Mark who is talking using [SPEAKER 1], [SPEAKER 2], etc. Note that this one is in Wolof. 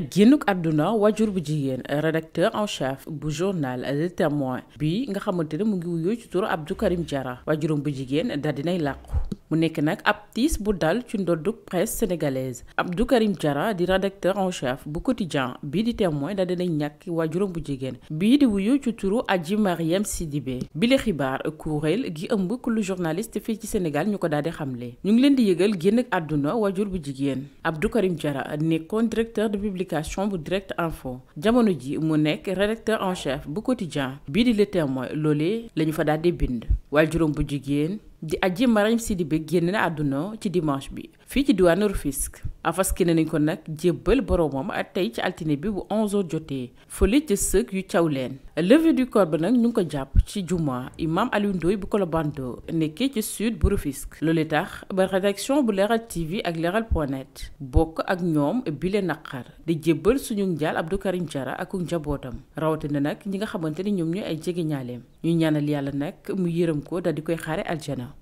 [SPEAKER 1] génnuk àdduna wajur bu jigéen rédacteur en chef bu journal Le Témoin bi nga xamante ne mu ngi wuyoo ci turu Abdou Karim Diarra wajuram bu jigéen dal dinay làqu mu nekk nag ab tiis bu dal ci ndoddug presse sénégalaise Abdou Karim Diarra di rédacteur en chef bu quotidien bii di témoin da dinañ ñàkk waajuram bu jigéen bii di wuyu ci turu Adji Mariam Sidibé bile xibaar kuréel gi ëmb kullu journaliste fii ci Sénégal ñu ko daal di xamle ñu ngi leen di yëgal génn àdduna waajur bu jigéen Abdou Karim Diarra nekkoon directeur de publication bu Direct Info jamono ji mu nekk rédacteur en chef bu quotidien bii di le témoin loolee la ñu fa daal di bind juróom bu jigéen di Adji Marième Sidibé génn na àdduna ci dimanche bi fii ci diwaanu Rufisque faskine nañ ko nag jébbal boroomam ak tey ci altine bi bu 11h jotee fële ca sëg yu caw leen levée du corps ba nag ñu ngi ko jàpp ci juma imam Aliou Ndoye bu Colobane nekkee ci sud bu Rufisque loolee tax ba rédaction bu leeral TV ak leeral point bokk ak ñoom bile naqar di jébbal suñu njaal Abdou Karim Diarra ak njabootam rawatina nag ñi nga xamante ni ñoom ñooy ay jege ñaaleem ñu ñaanal yàlla nag mu yërëm ko dal di koy xaare aljana